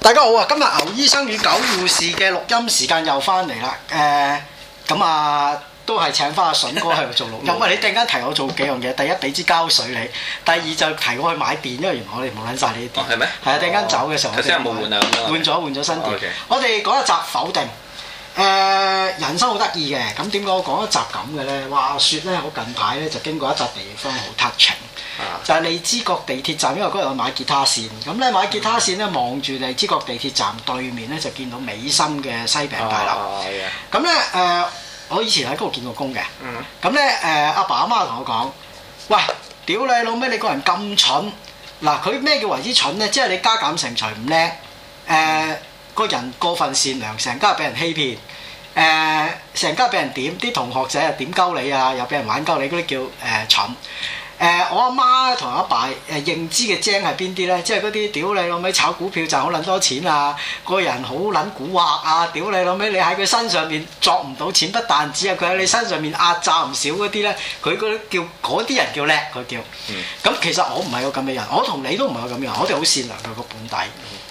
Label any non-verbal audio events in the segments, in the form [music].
大家好啊！今日牛醫生與狗護士嘅錄音時間又翻嚟啦。誒、呃，咁啊，都係請翻阿笋哥喺度做錄音。 [laughs] 你突然間提我做幾樣嘢，第一俾支膠水你，第二就提我去買電，因為原來我哋冇捻晒呢啲電。哦，係咩？係啊，突然間走嘅時候，佢真係冇換啊！換咗換咗新電。哦 okay. 我哋講一集否定。誒、呃、人生好得意嘅，咁點解我講一集咁嘅咧？話説咧，我近排咧就經過一笪地方好 touching，啊、就係荔枝角地鐵站。因為嗰日我買吉，買吉他線，咁咧買吉他線咧，望住荔枝角地鐵站對面咧，就見到美心嘅西餅大樓。咁咧誒，我以前喺嗰度見過工嘅。咁咧誒，阿、呃、爸阿媽同我講：喂，屌你老咩！你個人咁蠢，嗱，佢咩叫為之蠢咧？即係你加減乘除唔叻，誒、呃。嗯個人過分善良，成家俾人欺騙，誒、呃，成家俾人點，啲同學仔又點鳩你啊，又俾人玩鳩你，嗰啲叫誒、呃、蠢。誒、呃、我阿媽同阿爸誒認知嘅精係邊啲咧？即係嗰啲屌你老味炒股票賺好撚多錢啊！個人好撚蠱惑啊！屌你老味，你喺佢身上面作唔到錢不但止啊！佢喺你身上面壓榨唔少嗰啲咧，佢啲叫嗰啲人叫叻，佢叫。咁、嗯、其實我唔係個咁嘅人，我同你都唔係個咁嘅人，嗯、我哋好善良佢個本底、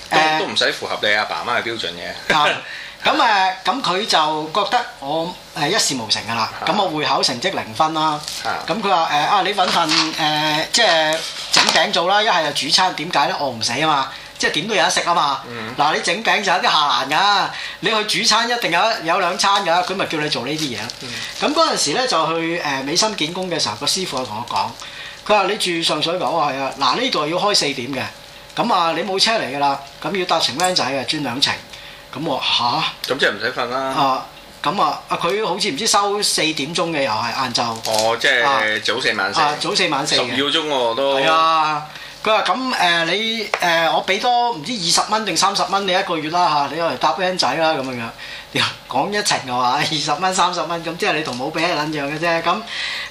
嗯。都唔使符合你阿、啊、爸阿媽嘅標準嘅。 [laughs] 咁誒，咁佢就覺得我誒一事無成㗎啦。咁、啊、我會考成績零分啦。咁佢話誒啊，呃、你揾份誒、呃、即係整餅做啦，一係就煮餐。點解咧？餓唔死啊嘛，即係點都有得食啊嘛。嗱、嗯，你整餅就有啲下欄㗎。你去煮餐一定有有兩餐㗎。佢咪叫你做、嗯、呢啲嘢咯。咁嗰陣時咧就去誒美心見工嘅時候，個師傅啊同我講，佢話你住上水港？我話係啊。嗱呢度要開四點嘅，咁啊你冇車嚟㗎啦，咁要搭程 van 仔嘅，轉兩程。咁我吓？咁即係唔使瞓啦。啊，咁啊，啊佢好似唔知收四點鐘嘅又係晏晝。哦，即係早四晚四，早四晚四。十二個鐘喎都。係啊，佢話咁誒你誒我俾多唔知二十蚊定三十蚊你一個月啦嚇，你嚟搭 van 仔啦咁樣樣。講一程嘅話，二十蚊、三十蚊咁，即係你同冇俾一撚樣嘅啫。咁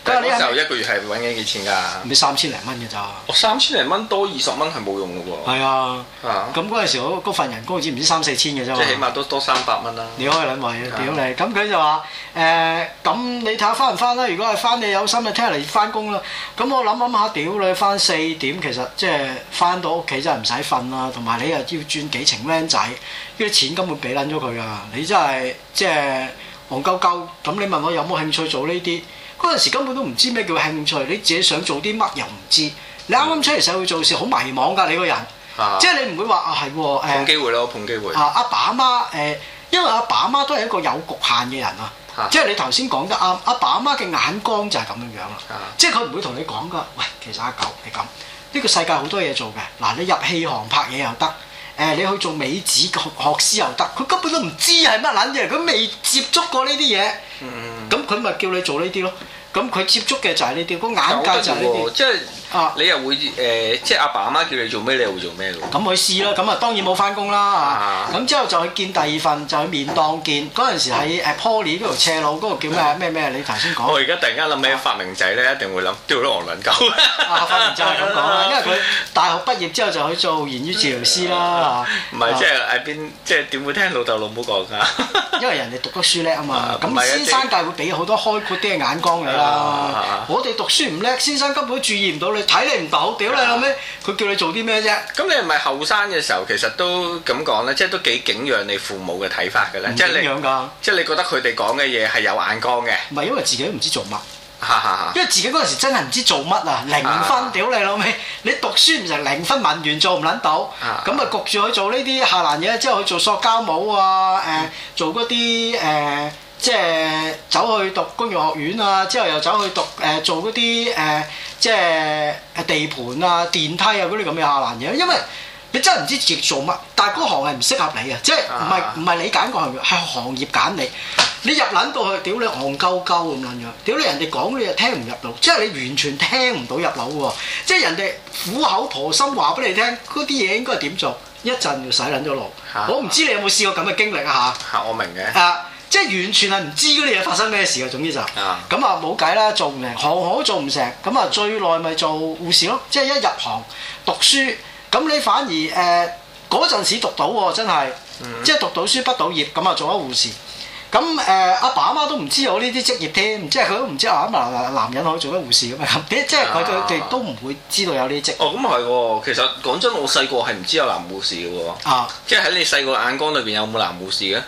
嗰陣時就一個月係揾幾錢㗎？咪三千零蚊嘅咋？三千零蚊多二十蚊係冇用嘅喎。係啊，咁嗰陣時嗰份人工只唔知三四千嘅啫嘛。即係起碼都多，多三百蚊啦。你開撚位啊？屌你！咁佢、啊、就話：誒、呃，咁你睇下翻唔翻啦？如果係翻，你有心就聽日嚟翻工啦。咁我諗諗下，屌你翻四點，其實即係翻到屋企真係唔使瞓啦，同埋你又要轉幾程 van 仔。啲錢根本俾撚咗佢噶，你真係即係戇鳩鳩咁。舊舊你問我有冇興趣做呢啲？嗰陣時根本都唔知咩叫興趣，你自己想做啲乜又唔知。你啱啱出嚟社會做事好、嗯、迷茫㗎，啊、你個人，即係你唔會話啊係喎。碰機會咯，我碰、欸、機會。啊，阿爸阿媽誒、欸，因為阿爸阿媽都係一個有局限嘅人啊，即係你頭先講得啱，阿爸阿媽嘅眼光就係咁樣樣啦，即係佢唔會同你講噶。喂，其實阿狗係咁，呢、呢個世界好多嘢做嘅嗱，你入戲行拍嘢又得，誒，你去做美子學學師又得，佢根本都唔知係乜撚嘢，佢未接觸過呢啲嘢，咁佢咪叫你做呢啲咯，咁佢接觸嘅就係呢啲，個眼界就係呢啲，即係……啊！Ah, 你又會誒、呃，即係阿爸阿媽叫你做咩，你又會做咩嘅喎？咁去試啦，咁啊 So, 當然冇返工啦嚇。咁、ah. 之後就去見第二份，就去面當見。嗰陣時係 Poly 嗰條斜路嗰個叫咩咩咩？你頭先講。我而家突然間諗起發明仔咧，一定會諗屌你個黃卵狗。啊，發明仔係咁講啦，因為佢大學畢業之後就去做言語治療師啦。唔係，即係喺邊？即係點會聽老豆老母講㗎？因為人哋讀得書叻啊嘛，咁、就是、先生梗係會俾好多開闊啲嘅眼光你啦。Ah. 我哋讀書唔叻，先生根本注意唔到你。睇你唔到，屌你老味！佢叫你做啲咩啫？咁你唔係後生嘅時候，其實都咁講咧，即係都幾敬仰你父母嘅睇法嘅咧。敬仰㗎，即係你覺得佢哋講嘅嘢係有眼光嘅。唔係因為自己都唔知做乜，因為自己嗰陣 [laughs] 時真係唔知做乜啊，零分，屌你老味！你讀書唔成零分完，文員做唔撚到，咁啊焗住去做呢啲下欄嘢，之後去做塑膠帽啊，誒、呃，做嗰啲誒。呃呃即係走去讀工業學院啊，之後又走去讀誒、呃、做嗰啲誒即係地盤啊、電梯啊嗰啲咁嘅下欄嘢，因為你真係唔知要做乜，但係嗰行係唔適合你啊。即係唔係唔係你揀個行業，係行業揀你。你入撚到去，屌你戇鳩鳩咁撚樣，屌你人哋講你又聽唔入到，即係你完全聽唔到入腦喎。即係人哋苦口婆心話俾你聽嗰啲嘢應該點做，一陣就洗撚咗腦。我唔知你有冇試過咁嘅經歷啊嚇？嚇，我明嘅。啊啊即係完全係唔知嗰啲嘢發生咩事嘅，總之就咁、是、啊冇計啦，做唔成行行都做唔成，咁啊最耐咪做護士咯。即係一入行讀書，咁你反而誒嗰陣時讀到喎，真係，即係讀到書畢到業，咁啊做咗護士。咁誒阿爸阿媽都唔知有呢啲職業添，即係佢都唔知啊，男男男人可以做得護士咁樣，即係佢哋都唔會知道有呢啲職業、啊。哦，咁啊係喎，其實講真，我細個係唔知有男護士嘅喎，啊、即係喺你細個眼光裏邊有冇男護士嘅？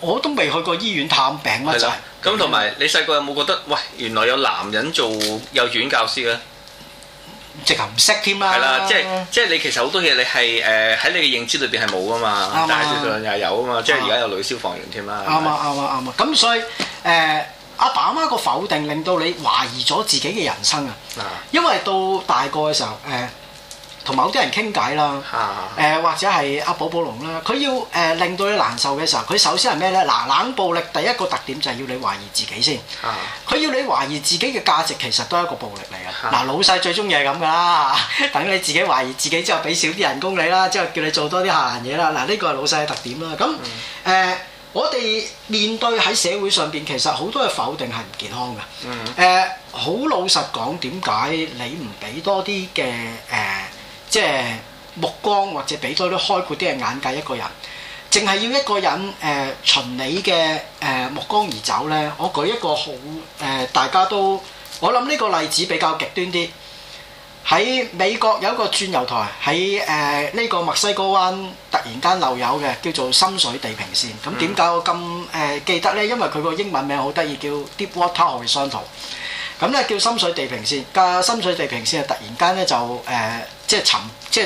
我都未去過醫院探病啦，就係咁。同埋你細個有冇覺得喂，原來有男人做幼稚園教師嘅？直頭唔識添啦，係啦，即係即係你其實好多嘢你係誒喺你嘅認知裏邊係冇㗎嘛，但係吧事實上又有啊嘛，吧即係而家有女消防員添啦，啱啊啱啊啱啊，咁所以誒阿、呃、爸阿媽個否定令到你懷疑咗自己嘅人生啊，吧因為到大個嘅時候誒。呃呃同某啲人傾偈啦，誒、呃、或者係阿寶寶龍啦，佢要誒、呃、令到你難受嘅時候，佢首先係咩咧？嗱，冷暴力第一個特點就係要你懷疑自己先，佢、啊、要你懷疑自己嘅價值，其實都係一個暴力嚟嘅。嗱、啊，老細最中意係咁噶啦， [laughs] 等你自己懷疑自己之後，俾少啲人工你啦，之後叫你做多啲下欄嘢啦。嗱，呢、呢個係老細嘅特點啦。咁、嗯、誒、呃，我哋面對喺社會上邊，其實好多嘅否定係唔健康嘅。誒，好老實講，點解你唔俾多啲嘅誒？呃嗯嗯嗯即係目光或者俾多啲開闊啲嘅眼界，一個人淨係要一個人誒循你嘅誒目光而走呢。我舉一個好誒、呃，大家都我諗呢個例子比較極端啲。喺美國有一個鑽油台喺誒呢個墨西哥灣突然間漏油嘅，叫做深水地平線。咁點解我咁誒、呃、記得呢？因為佢個英文名好得意，叫 Deepwater Horizon。咁咧叫深水地平線。深水地平線突然間咧就誒。呃呃即係沉，即係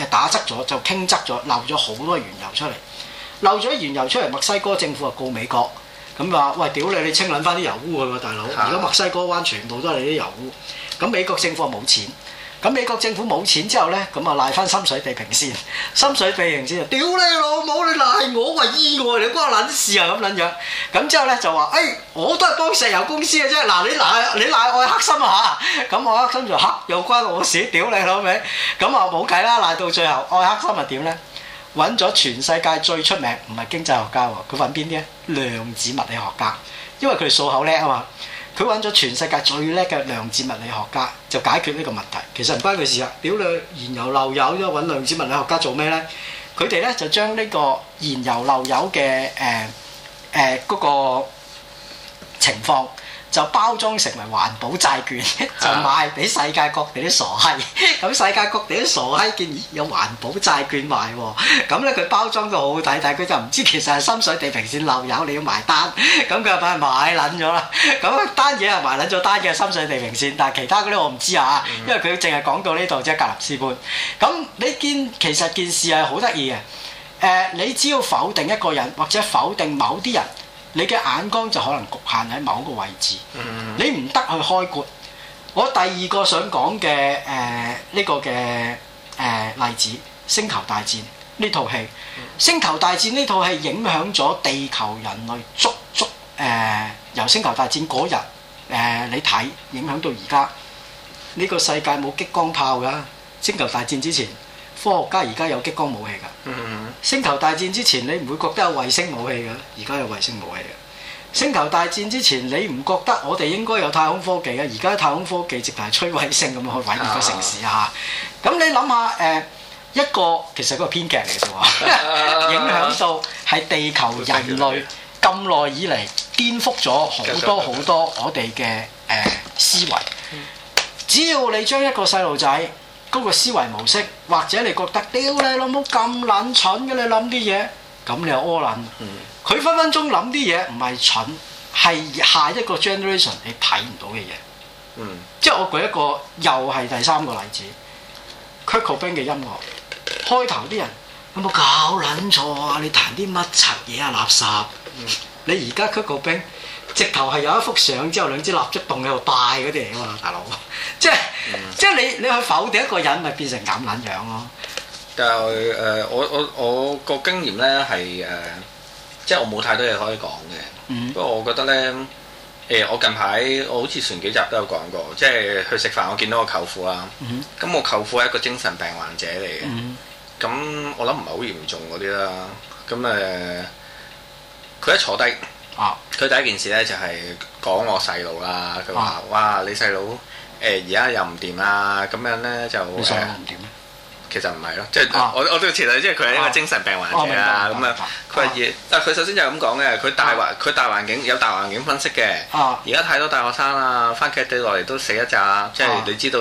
誒打側咗就傾側咗，漏咗好多原油出嚟，漏咗原油出嚟，墨西哥政府啊告美國，咁話喂，屌你，你清撚翻啲油污佢喎，大佬，的如果墨西哥灣全部都係你啲油污，咁美國政府冇錢。咁美國政府冇錢之後咧，咁啊賴翻深水地平線，深水地平線，屌你老母！你賴我啊，意外嚟關我撚事啊，咁撚樣。咁之後咧就話，誒、哎，我都係幫石油公司嘅啫。嗱，你賴你賴愛克森啊嚇，咁愛克森就嚇、啊、又關我事，屌你老味。咁啊冇計啦，賴到最後，愛克森係點咧？揾咗全世界最出名唔係經濟學家喎，佢揾邊啲啊？量子物理學家，因為佢哋數口叻啊嘛。佢揾咗全世界最叻嘅量子物理學家，就解決呢個問題。其實唔關佢事啊，表兩燃油漏油，而家揾量子物理學家做咩咧？佢哋咧，就將呢個燃油漏油嘅誒誒嗰個情況。就包裝成為環保債券， [laughs] 就賣俾世界各地啲傻閪。咁 [laughs] 世界各地啲傻閪見有環保債券賣喎，咁咧佢包裝到好好睇，但佢就唔知其實係深水地平線漏油你要埋單，咁 [laughs] 佢就反而買撚咗啦。咁單嘢係埋撚咗單嘅深水地平線，但係其他嗰啲我唔知啊，嗯、因為佢淨係講到呢度即係格林斯潘。咁你見其實件事係好得意嘅，誒、呃，你只要否定一個人或者否定某啲人。你嘅眼光就可能局限喺某個位置，mm hmm. 你唔得去開闊。我第二個想講嘅誒呢個嘅誒、呃、例子，《星球大戰》呢套戲，mm hmm.《星球大戰》呢套戲影響咗地球人類足足誒、呃、由星球大戰嗰日誒你睇影響到而家，呢個世界冇激光炮㗎。《星球大戰》之前。科學家而家有激光武器㗎，星球大戰之前你唔會覺得有衛星武器㗎，而家有衛星武器嘅。星球大戰之前你唔覺得我哋應該有太空科技啊？而家太空科技直頭係摧毀性咁去毀滅個城市啊！咁你諗下誒，一個其實個編劇嚟嘅啫喎，啊、 [laughs] 影響到係地球人類咁耐以嚟顛覆咗好多好多，多我哋嘅誒思維。只要你將一個細路仔。嗰個思維模式，或者你覺得屌 [noise] 你老母咁撚蠢嘅你諗啲嘢，咁你又屙撚。佢、嗯、分分鐘諗啲嘢唔係蠢，係下一個 generation 你睇唔到嘅嘢。嗯、即係我舉一個又係第三個例子 Cobain 嘅音樂開頭，啲人有冇搞撚錯啊？你彈啲乜柒嘢啊垃圾？嗯、你而家 Cobain 直頭係有一幅相之後兩支蠟燭棟喺度拜嗰啲嚟嘅嘛，大佬， [laughs] [laughs] 即係、嗯、即係你你去否定一個人咪變成咁撚樣咯、啊？但係誒，我我我個經驗咧係誒，即係我冇太多嘢可以講嘅。嗯、不過我覺得咧，誒、呃、我近排我好似前幾集都有講過，即係去食飯我見到我舅父啦。咁、嗯、我舅父係一個精神病患者嚟嘅。咁、嗯、我諗唔係好嚴重嗰啲啦。咁誒，佢一坐低。佢第一件事咧就係講我細路啦，佢話：哇，你細佬誒而家又唔掂啊！咁樣咧就你細佬唔掂，其實唔係咯，即係我我對前提，因為佢係一個精神病患者啊，咁啊，佢話：但佢首先就係咁講嘅，佢大環佢大環境有大環境分析嘅。而家太多大學生啊，番茄底落嚟都死一紮，即係你知道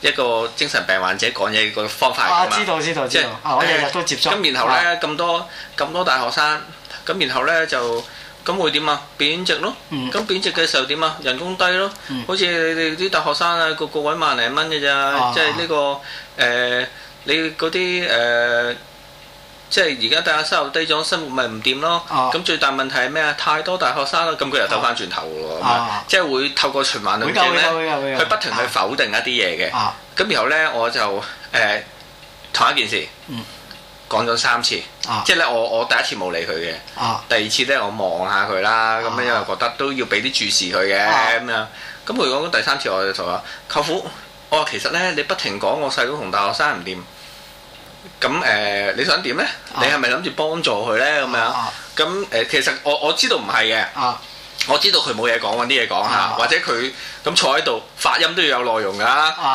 一個精神病患者講嘢個方法啊！知道，知道，知道。我日日都接觸。咁然後咧咁多咁多大學生，咁然後咧就。咁會點啊？貶值咯，咁、嗯、貶值嘅時候點啊？人工低咯，嗯、好似你哋啲大學生啊，個個搵萬零蚊嘅咋，即係呢個誒你嗰啲誒，即係而家大家收入低咗，生活咪唔掂咯。咁、啊、最大問題係咩啊？太多大學生啦，咁佢又兜翻轉頭喎，啊啊、即係會透過循環論證咧，佢不停去否定一啲嘢嘅。咁、啊啊、然後呢，我就誒同、呃、一件事。嗯嗯講咗三次，啊、即係咧，我我第一次冇理佢嘅，啊、第二次咧我望下佢啦，咁樣、啊、因為覺得都要俾啲注視佢嘅咁樣，咁佢講咗第三次，我就同佢話：舅、啊、父，我話其實咧，你不停講我細佬同大學生唔掂，咁誒、呃、你想點咧？啊、你係咪諗住幫助佢咧？咁樣，咁誒、啊呃、其實我我知道唔係嘅。啊啊我知道佢冇嘢講，揾啲嘢講吓，或者佢咁坐喺度，發音都要有內容噶，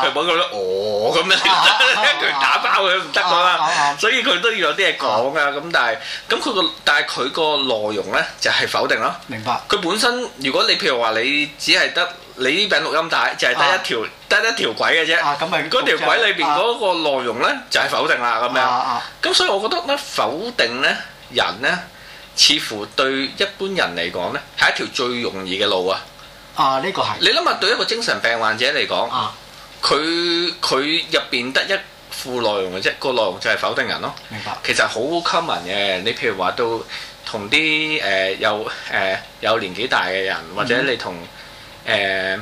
佢冇覺得「哦咁樣，佢打包佢唔得噶嘛，所以佢都要有啲嘢講噶，咁但係咁佢個但係佢個內容呢，就係否定咯。明白。佢本身如果你譬如話你只係得你呢柄錄音帶就係得一條得一條軌嘅啫，嗰條軌裏邊嗰個內容呢，就係否定啦咁樣。咁所以我覺得呢否定呢，人呢。似乎對一般人嚟講呢係一條最容易嘅路啊！啊，呢個係你諗下，對一個精神病患者嚟講，啊，佢佢入邊得一副內容嘅啫，個內容就係否定人咯。明白。其實好 common 嘅，你譬如話都同啲誒有誒有年紀大嘅人，或者你同誒誒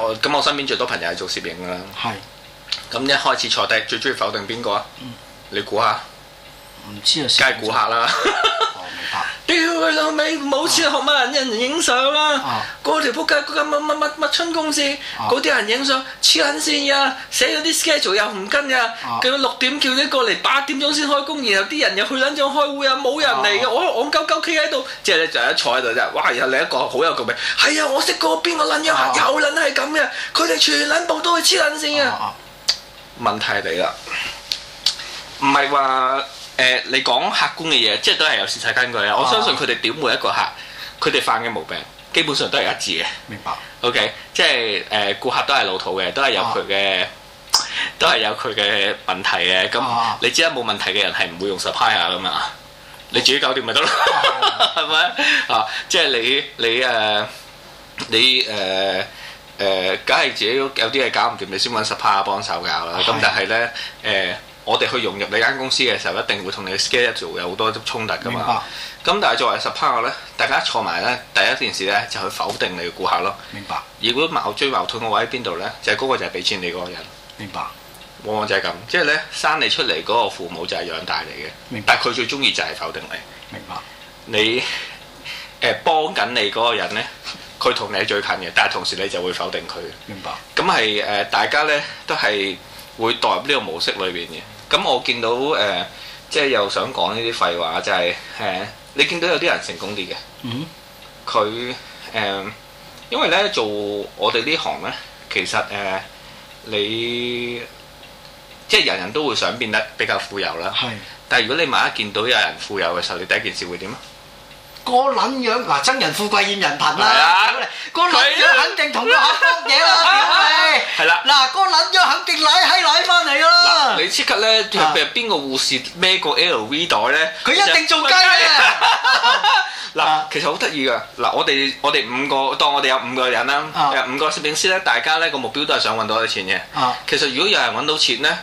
我咁，我，我身邊最多朋友係做攝影噶啦。係。咁一開始坐低，最中意否定邊個啊？嗯。你估下？唔知啊，梗係顧客啦。屌你老味，冇錢學乜人影相啊，啊個！那個條仆街個個乜乜乜春公司嗰啲人影相黐撚線啊！寫咗啲 schedule 又唔跟啊！叫到、啊、六點叫你過嚟，八點鐘先開工，然後啲人又去撚咗開會啊，冇人嚟嘅，我我鳩鳩企喺度，即係你就一坐喺度啫。哇！然後另一個好有共鳴，係、哎、啊，我識嗰、那、邊個撚、啊、樣行，又撚係咁嘅，佢哋全撚部都係黐撚線啊！啊、問題嚟啦，唔係話。誒、呃，你講客觀嘅嘢，即係都係有事實根據嘅。我相信佢哋點每一個客，佢哋、啊、犯嘅毛病基本上都係一致嘅。明白。OK，即係誒顧客都係老土嘅，都係有佢嘅，啊、都係有佢嘅問題嘅。咁、啊、你知得冇問題嘅人係唔會用 supplier 咁啊。你自己搞掂咪得咯，係咪啊？即係你你誒你誒誒，梗、呃、係、呃呃、自己有啲嘢搞唔掂，你先揾 supplier 幫手搞啦。咁但係咧誒。呃呃我哋去融入你間公司嘅時候，一定會同你嘅 schedule 有好多衝突噶嘛。咁白但係作為十 part 咧，大家坐埋咧，第一件事咧就去否定你嘅顧客咯。明白。如果矛最矛盾嘅位喺邊度咧？就係、是、嗰個就係俾錢你嗰個人。明白。往往就係咁，即係咧生你出嚟嗰個父母就係養大你嘅，白但係佢最中意就係否定你。明白。你誒、呃、幫緊你嗰個人咧，佢同你係最近嘅，但係同時你就會否定佢。明白。咁係誒，大家咧都係會代入呢個模式裏邊嘅。咁我見到誒、呃，即係又想講呢啲廢話，就係、是、誒、呃，你見到有啲人成功啲嘅，嗯，佢誒、呃，因為咧做我哋呢行咧，其實誒、呃，你即係人人都會想變得比較富有啦，係是。但係如果你萬一見到有人富有嘅時候，你第一件事會點啊？個撚樣嗱，憎人富貴厭人貧啦，個撚樣肯定同佢合作嘢啦，係咪？啦，嗱，個撚樣肯定攋起攋翻嚟啦。你即刻咧，譬如邊個護士孭個 LV 袋咧，佢一定做雞啊！嗱，其實好得意噶，嗱，我哋我哋五個當我哋有五個人啦，啊、五個攝影師咧，大家咧個目標都係想揾到啲錢嘅。其實如果有人揾到錢咧，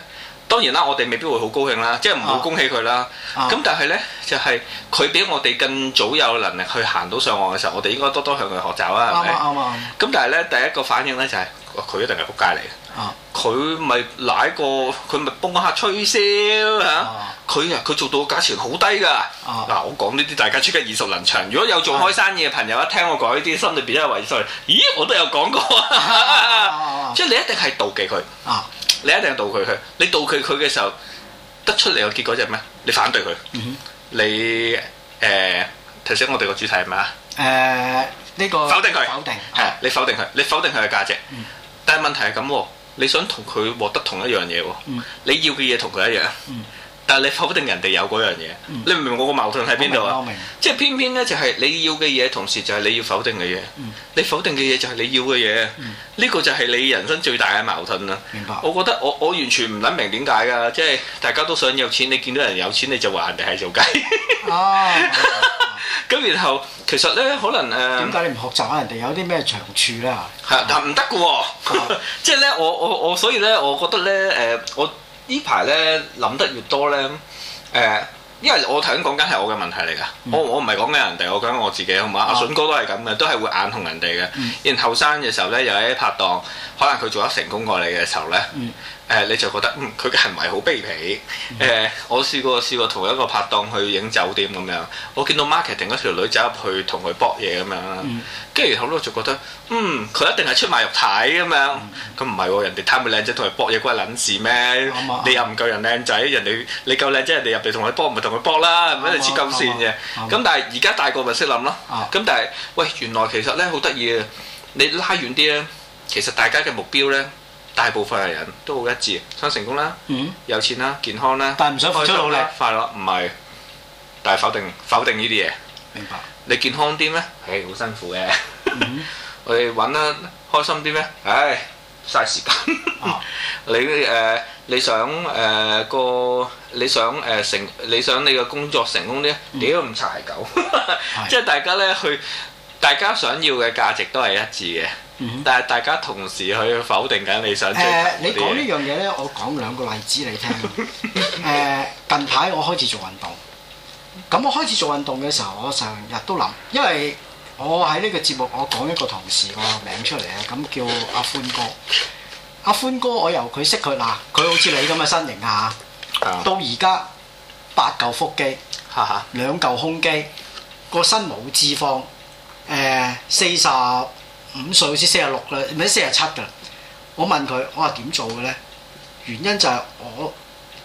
當然啦，我哋未必會好高興啦，即係唔好恭喜佢啦。咁但係呢，就係佢比我哋更早有能力去行到上岸嘅時候，我哋應該多多向佢學習啦。係咪？咁但係呢，第一個反應呢，就係佢一定係仆街嚟。啊！佢咪拉個，佢咪幫下吹簫佢啊，佢做到價錢好低㗎。嗱，我講呢啲大家出嘅耳熟能詳。如果有做開生意嘅朋友一聽我講呢啲，心裏邊都係遺哂。咦？我都有講過即係你一定係妒忌佢。你一定係道佢佢，你道佢佢嘅時候得出嚟嘅結果就係咩？你反對佢，嗯、哼你誒、呃、提醒我哋、呃這個主題係咪啊？誒呢個否定佢，否定係你否定佢，你否定佢嘅價值。嗯、但係問題係咁喎，你想同佢獲得同一樣嘢喎、哦，嗯、你要嘅嘢同佢一樣。嗯嗯你否定人哋有嗰樣嘢，你明唔明我個矛盾喺邊度啊？即係偏偏咧，就係你要嘅嘢，同時就係你要否定嘅嘢。你否定嘅嘢就係你要嘅嘢。呢個就係你人生最大嘅矛盾啦。明白。我覺得我我完全唔諗明點解㗎，即係大家都想有錢，你見到人有錢你就話人哋係做雞。咁然後其實咧，可能誒點解你唔學習下人哋有啲咩長處咧？係啊，但唔得㗎喎。即係咧，我我我，所以咧，我覺得咧，誒我。呢排咧諗得越多咧，誒、呃，因為我頭先講緊係我嘅問題嚟㗎、嗯，我我唔係講緊人哋，我講緊我自己，好唔好？阿順哥都係咁嘅，都係會眼紅人哋嘅，嗯、然後生嘅時候咧，又喺拍檔，可能佢做得成功過你嘅時候咧。嗯誒，你就覺得，嗯，佢嘅行為好卑鄙誒，我試過試過同一個拍檔去影酒店咁樣，我見到 market 定一條女走入去同佢搏嘢咁樣，跟住好多就覺得，嗯，佢一定係出賣肉體咁樣，咁唔係喎，人哋貪佢靚仔同佢搏嘢關撚事咩？你又唔夠人靚仔，人哋你夠靚仔，人哋入嚟同佢搏唔係同佢搏啦，咪你切金線嘅。咁但係而家大個咪識諗咯，咁但係喂，原來其實咧好得意嘅，你拉遠啲咧，其實大家嘅目標咧。大部分嘅人都好一致，想成功啦，嗯、有錢啦，健康啦，但唔想付出努力，快樂唔係，但係否定否定呢啲嘢。明白？你健康啲咩？唉、哎，好辛苦嘅。嗯、 [laughs] 我哋玩得開心啲咩？唉、哎，嘥時間。啊、 [laughs] 你誒、呃、你想誒、呃那個你想誒、呃、成你想你嘅工作成功啲？屌唔柴狗，即係 [laughs] 的 [laughs] 大家咧去。大家想要嘅價值都係一致嘅，嗯、但係大家同時去否定緊你想做嘅、呃、你講呢樣嘢呢，我講兩個例子你聽。 [laughs] 呃、近排我開始做運動，咁我開始做運動嘅時候，我成日都諗，因為我喺呢個節目，我講一個同事個名出嚟啊，咁叫阿歡哥。阿歡哥，我由佢識佢啦，佢好似你咁嘅身形啊，嗯、到而家八嚿腹肌，兩嚿胸肌，個身冇脂肪。誒、呃、四十五歲好似四十六啦，唔、呃、係四十七噶。我問佢，我話點做嘅咧？原因就係我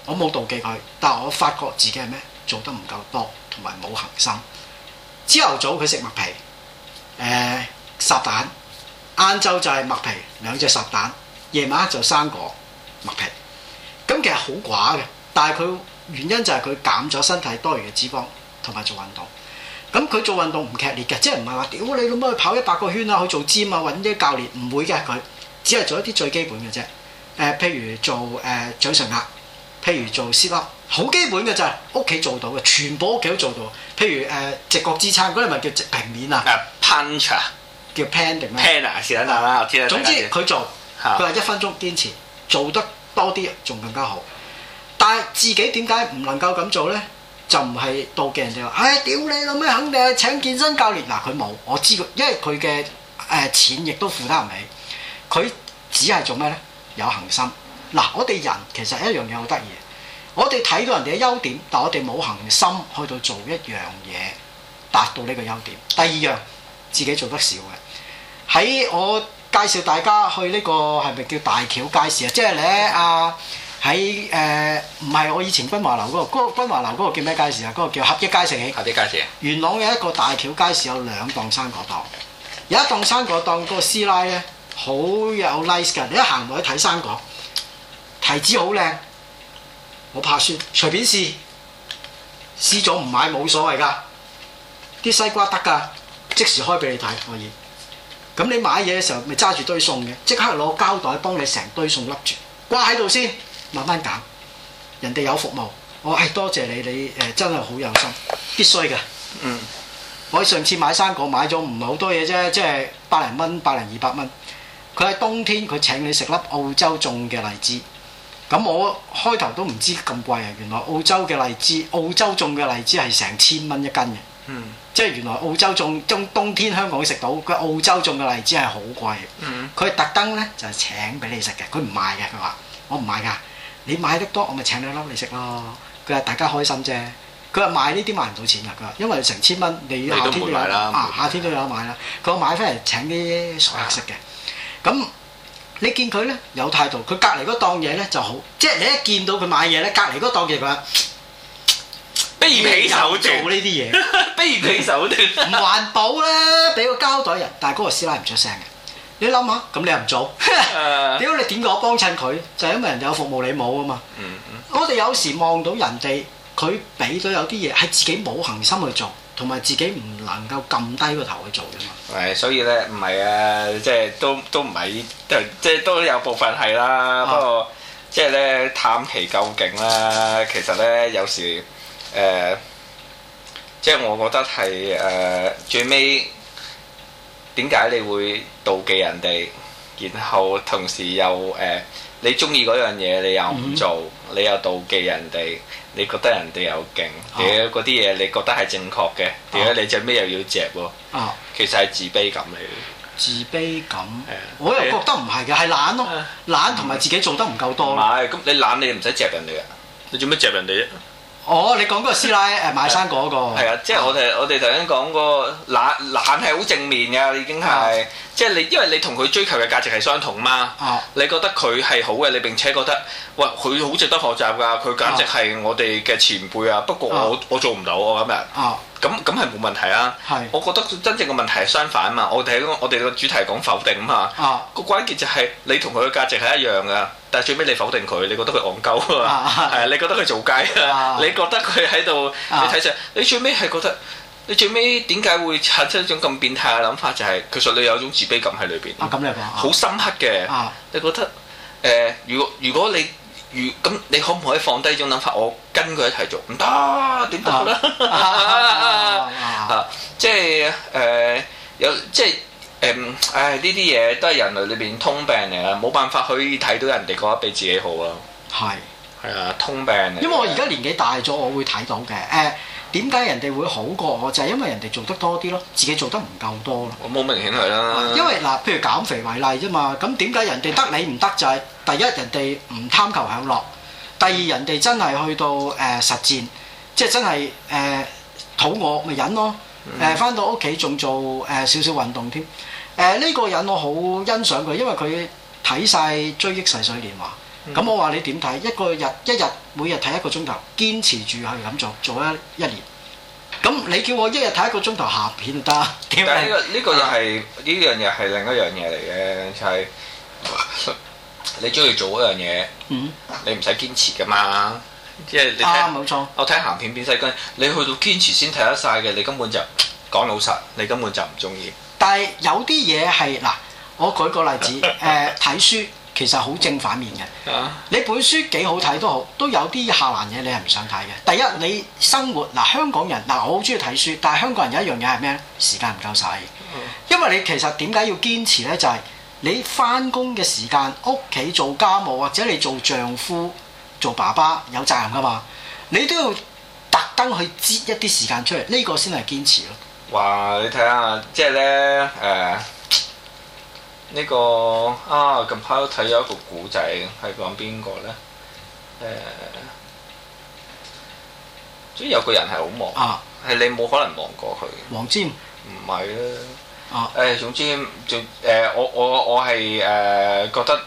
我冇妒忌佢，但我發覺自己係咩？做得唔夠多，同埋冇恒心。朝頭早佢食麥皮，誒、呃、烚蛋，晏晝就係麥皮兩隻烚蛋，夜晚就生果麥皮。咁其實好寡嘅，但係佢原因就係佢減咗身體多餘嘅脂肪，同埋做運動。咁佢做運動唔劇烈嘅，即係唔係話屌你老母去跑一百個圈啊，去做 gym 啊，揾啲教練唔會嘅佢，只係做一啲最基本嘅啫。誒、呃，譬如做誒掌上壓，譬、呃、如做 c 粒，好基本嘅就係屋企做到嘅，全部屋企都做到。譬如誒、呃、直角支撐，嗰啲咪叫直平面啊。punch 啊，叫 pan 定咩？pan 啊，試下啦，我知啦。總之佢做，佢話好一分鐘堅持，做得多啲仲更加好。但係自己點解唔能夠咁做咧？就唔係妒忌人哋話，唉、哎、屌你老咩？肯定係請健身教練嗱，佢冇，我知佢，因為佢嘅誒錢亦都負得唔起，佢只係做咩咧？有恒心嗱，我哋人其實一樣嘢好得意，我哋睇到人哋嘅優點，但我哋冇恒心去到做一樣嘢達到呢個優點。第二樣自己做得少嘅，喺我介紹大家去呢、這個係咪叫大橋街市、就是、啊？即係咧啊！喺誒唔係我以前君華樓嗰個，嗰個君華樓嗰個叫咩街市啊？嗰個叫合益街市。合益街市。元朗有一個大橋街市，有兩檔生果檔，有一檔生果檔嗰個師奶咧，好有 nice 噶。你一行落去睇生果，提子好靚，我怕酸，隨便試，試咗唔買冇所謂噶。啲西瓜得㗎，即時開俾你睇可以。咁你買嘢嘅時候，咪揸住堆餸嘅，即刻攞膠袋幫你成堆餸笠住，掛喺度先。慢慢揀，人哋有服務，我係、哎、多謝你，你誒真係好有心，必須嘅。嗯，我上次買生果買咗唔係好多嘢啫，即係百零蚊、百零二百蚊。佢喺冬天佢請你食粒澳洲種嘅荔枝，咁我開頭都唔知咁貴啊！原來澳洲嘅荔枝，澳洲種嘅荔枝係成千蚊一斤嘅。嗯，即係原來澳洲種冬冬天香港食到，佢澳洲種嘅荔枝係好貴。嗯，佢特登呢，就係、是、請俾你食嘅，佢唔賣嘅。佢話我唔賣㗎。你買得多，我咪請兩粒你食咯。佢話大家開心啫。佢話賣呢啲賣唔到錢啦。佢話因為成千蚊，你夏天都有啊，了夏天都有得買啦。佢話了買翻嚟請啲熟客食嘅。咁的你見佢咧有態度，佢隔離嗰檔嘢咧就好。即係你一見到佢買嘢咧，隔離嗰檔嘢佢話卑鄙手段呢啲嘢，卑鄙手段，唔環保啦，俾個膠袋人，但係嗰個師奶唔出聲嘅。你諗下，咁你又唔做？屌 [laughs] 你點講幫襯佢？就係、是、因為人哋有服務你冇啊嘛。嗯嗯我哋有時望到人哋佢俾咗有啲嘢，係自己冇恒心去做，同埋自己唔能夠撳低個頭去做㗎嘛。係、嗯，所以咧唔係啊，即係都都唔係，即係都有部分係啦。嗯、不過即係咧探其究竟啦、啊。其實咧有時誒、呃，即係我覺得係誒、呃、最尾。點解你會妒忌人哋，然後同時又誒、呃，你中意嗰樣嘢，你又唔做，嗯、哼你又妒忌人哋，你覺得人哋又勁，嗰啲嘢你覺得係正確嘅，屌、哦、你做咩又要錫、哦、其實係自卑感嚟。自卑感，嗯、我又覺得唔係嘅，係懶咯，懶同埋自己做得唔夠多。咁你懶你唔使錫人哋嘅，你做咩錫人哋啫？哦，你講嗰個師奶誒買生果嗰個，係啊，即係我哋、啊、我哋頭先講個懶懶係好正面㗎，已經係，啊、即係你因為你同佢追求嘅價值係相同嘛，啊、你覺得佢係好嘅，你並且覺得，哇，佢好值得學習㗎，佢簡直係我哋嘅前輩啊，不過我我做唔到，啊，今日。咁咁係冇問題啊！是我覺得真正嘅問題係相反啊嘛！我哋我哋個主題講否定啊嘛，個、啊、關鍵就係你同佢嘅價值係一樣噶，但係最尾你否定佢，你覺得佢戇鳩啊，係啊，你覺得佢做雞啊，你覺得佢喺度，你睇上你最尾係覺得，你最尾點解會產生一種咁變態嘅諗法、就係，就係其實你有一種自卑感喺裏邊啊，咁你話好深刻嘅，啊、你覺得誒、呃，如果如果，如果你。如咁，你可唔可以放低呢種諗法？我跟佢一齊做，唔得，點得咧？即係誒，有即係誒，唉、啊，呢啲嘢都係人類裏邊通病嚟啊！冇辦法可以睇到人哋覺得比自己好啊！係係啊，通病嚟。因為我而家年紀大咗，我會睇到嘅誒。啊點解人哋會好過我？就係、是、因為人哋做得多啲咯，自己做得唔夠多咯。好、嗯、明顯係啦。因為嗱，譬如減肥為例啫嘛，咁點解人哋得你唔得？就係、是、第一，人哋唔貪求享樂；第二，人哋真係去到誒、呃、實踐，即係真係誒、呃、肚餓咪忍咯。誒、嗯，翻到屋企仲做誒、呃、少少運動添。誒、呃、呢、這個人我好欣賞佢，因為佢睇晒《追憶逝水年華》。咁、嗯、我話你點睇？一個日一日每日睇一個鐘頭，堅持住去咁做，做一一年。咁你叫我一日睇一個鐘頭鹹片就得？但係、呢個、呢個又係呢樣嘢係另一樣嘢嚟嘅，就係、係、你中意做嗰樣嘢，嗯、你唔使堅持噶嘛。即係你睇，啊、冇錯、我睇鹹片變細菌，你去到堅持先睇得晒嘅，你根本就，講老實，你根本就唔中意。但係有啲嘢係嗱，我舉個例子，誒睇、 [laughs] 呃、書。其實好正反面嘅，啊、你本書幾好睇都好，都有啲下欄嘢你係唔想睇嘅。第一，你生活嗱香港人嗱我好中意睇書，但係香港人有一樣嘢係咩咧？時間唔夠使，因為你其實點解要堅持咧？就係、是、你返工嘅時間，屋企做家務或者你做丈夫、做爸爸有責任噶嘛，你都要特登去擠一啲時間出嚟，呢、這個先係堅持咯。哇！你睇下，即係咧誒。呃呢個啊，近排都睇咗一個古仔，係講邊個咧？誒，總之有個人係好忙，啊，係你冇可能忙過佢。黃沾？唔係啊。誒，總之就誒，我我我係誒覺得。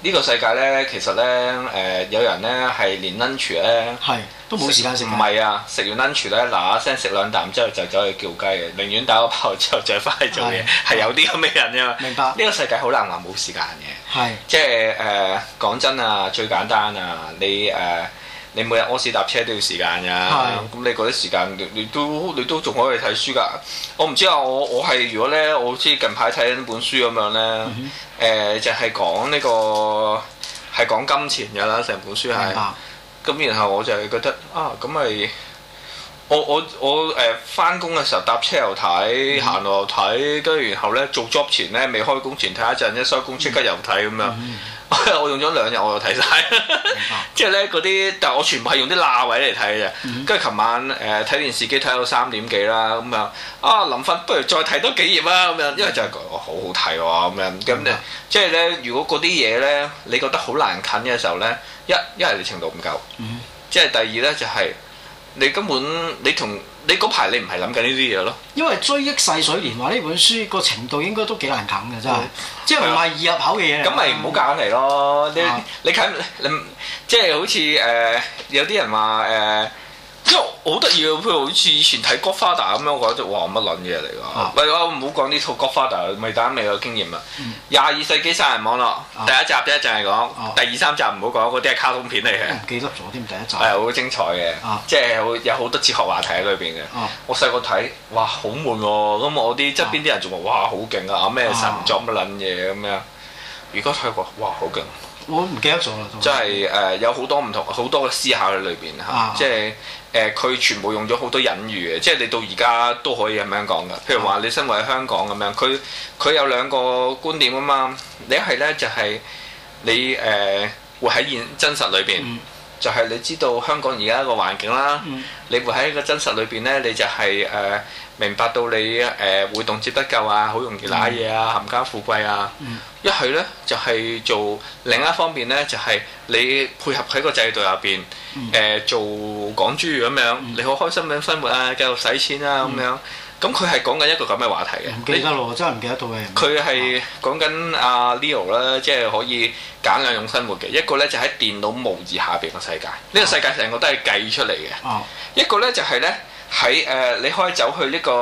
呢個世界咧，其實咧，誒、呃、有人咧係連 lunch 咧，係都冇時間食。唔係啊，食完 lunch 咧，嗱嗱聲食兩啖之後就走去叫雞嘅，寧願打個炮之後再翻去做嘢，係是有啲咁嘅人啫嘛。明白。呢個世界好難話冇時間嘅，係是即係誒、呃、講真啊，最簡單啊，你誒。呃你每日屙屎搭車都要時間㗎，咁的你嗰啲時間你都你都仲可以睇書㗎。我唔知啊，我我係如果咧，我好似近排睇緊本書咁樣咧，誒、嗯哼呃、就係、是、講呢、呢個係講金錢㗎啦，成本書係。咁的然後我就係覺得啊，咁咪我我我誒返工嘅時候搭車又睇，行、嗯、路又睇，跟住然後咧做 job 前咧未開工前睇一陣，一收工即刻又睇咁樣。嗯哼嗯 [laughs] 我用咗兩日，我又睇晒。即係咧嗰啲，但係我全部係用啲罅位嚟睇嘅，跟住琴晚誒睇、呃、電視機睇到三點幾啦，咁樣啊，臨瞓不如再睇多幾頁啦，咁樣，因為就係好好睇喎，咁樣，咁咧、mm，即係咧，如果嗰啲嘢咧，你覺得好難啃嘅時候咧，一，一係你程度唔夠，mm hmm. 即係第二咧就係、是、你根本你同。你嗰排你唔係諗緊呢啲嘢咯？因為追憶逝水年華呢本書個程度應該都幾難啃嘅，真係、嗯，即係唔係易入口嘅嘢。咁咪唔好夾硬嚟咯？嗯、你你啃，即係、就是、好似誒、呃、有啲人話誒。呃即係好得意啊！譬如好似以前睇《Godfather》咁樣，我話：哇，乜撚嘢嚟㗎？喂、啊，我唔好講呢套《Godfather》。未打唔未有經驗啊！廿、嗯、二,二世紀殺人網絡、啊、第一集第一就係講第二三集唔好講，嗰啲係卡通片嚟嘅、嗯。記得咗添。第一集係好、哎、精彩嘅，啊、即係有好多哲學話題喺裏邊嘅。啊、我細個睇，哇，好悶喎、啊！咁我啲側邊啲人仲話：哇，好勁啊！咩神作乜撚嘢咁樣，樣？如果睇過，哇，好勁！我唔記得咗啦，就即係誒有好多唔同好多嘅思考喺裏邊吓，啊、即係誒佢全部用咗好多隱喻嘅，即係你到而家都可以咁樣講㗎。譬如話你身為喺香港咁樣，佢佢有兩個觀點啊嘛，一呢就係、你一係咧就係你誒活喺現真實裏邊，嗯、就係你知道香港而家個環境啦，嗯、你活喺一個真實裏邊咧，你就係、係、誒。呃明白到你誒活動接得夠啊，好容易瀨嘢啊，冚家富貴啊！一係咧就係做另一方面咧，就係你配合喺個制度入邊誒做港珠咁樣，你好開心咁生活啊，繼續使錢啊咁樣。咁佢係講緊一個咁嘅話題嘅，唔記得咯，真係唔記得到嘅。佢係講緊阿 Leo 啦，即係可以揀兩種生活嘅，一個咧就喺電腦模擬下邊嘅世界，呢個世界成個都係計出嚟嘅。一個咧就係咧。喺誒、呃，你可以走去、這個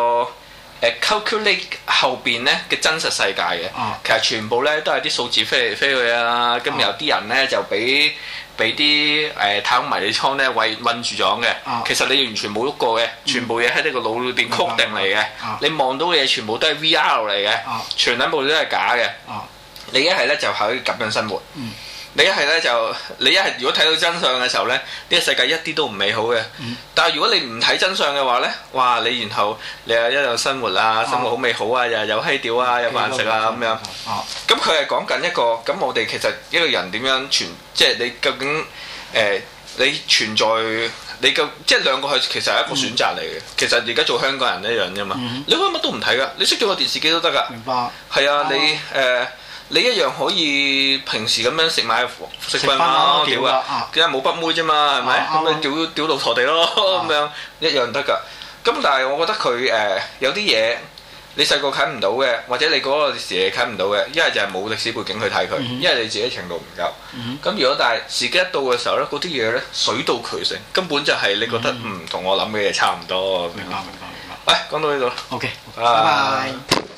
呃、呢個誒 calculate 後邊咧嘅真實世界嘅，其實全部咧都係啲數字飛嚟飛去啦，跟住有啲人咧就俾俾啲誒太空迷你艙咧圍困住咗嘅，其實你完全冇喐過嘅，全部嘢喺你個腦入邊曲定嚟嘅，你望到嘅嘢全部都係 VR 嚟嘅，啊、全體部都係假嘅，啊、你一係咧就喺度咁樣生活。嗯你一係咧就，你一係如果睇到真相嘅時候咧，呢個世界一啲都唔美好嘅。但係如果你唔睇真相嘅話咧，哇！你然後你又一路生活啊，生活好美好啊，又有閪屌啊，有飯食啊咁樣。咁佢係講緊一個，咁我哋其實一個人點樣存，即係你究竟誒你存在你究竟，即係兩個係其實係一個選擇嚟嘅。其實而家做香港人一樣啫嘛。你可以乜都唔睇噶，你熄咗個電視機都得噶。明白。係啊，你誒。你一樣可以平時咁樣食埋，食飯咯，丟啊，只係冇筆妹啫嘛，係咪？咁咪屌丟到陀地咯，咁樣一樣得㗎。咁但係我覺得佢誒有啲嘢你細個睇唔到嘅，或者你嗰個時睇唔到嘅，一係就係冇歷史背景去睇佢，一係你自己程度唔夠。咁如果但係時機一到嘅時候咧，嗰啲嘢咧，水到渠成，根本就係你覺得唔同我諗嘅嘢差唔多。明白明白。嚟，講到呢度啦。OK，拜拜。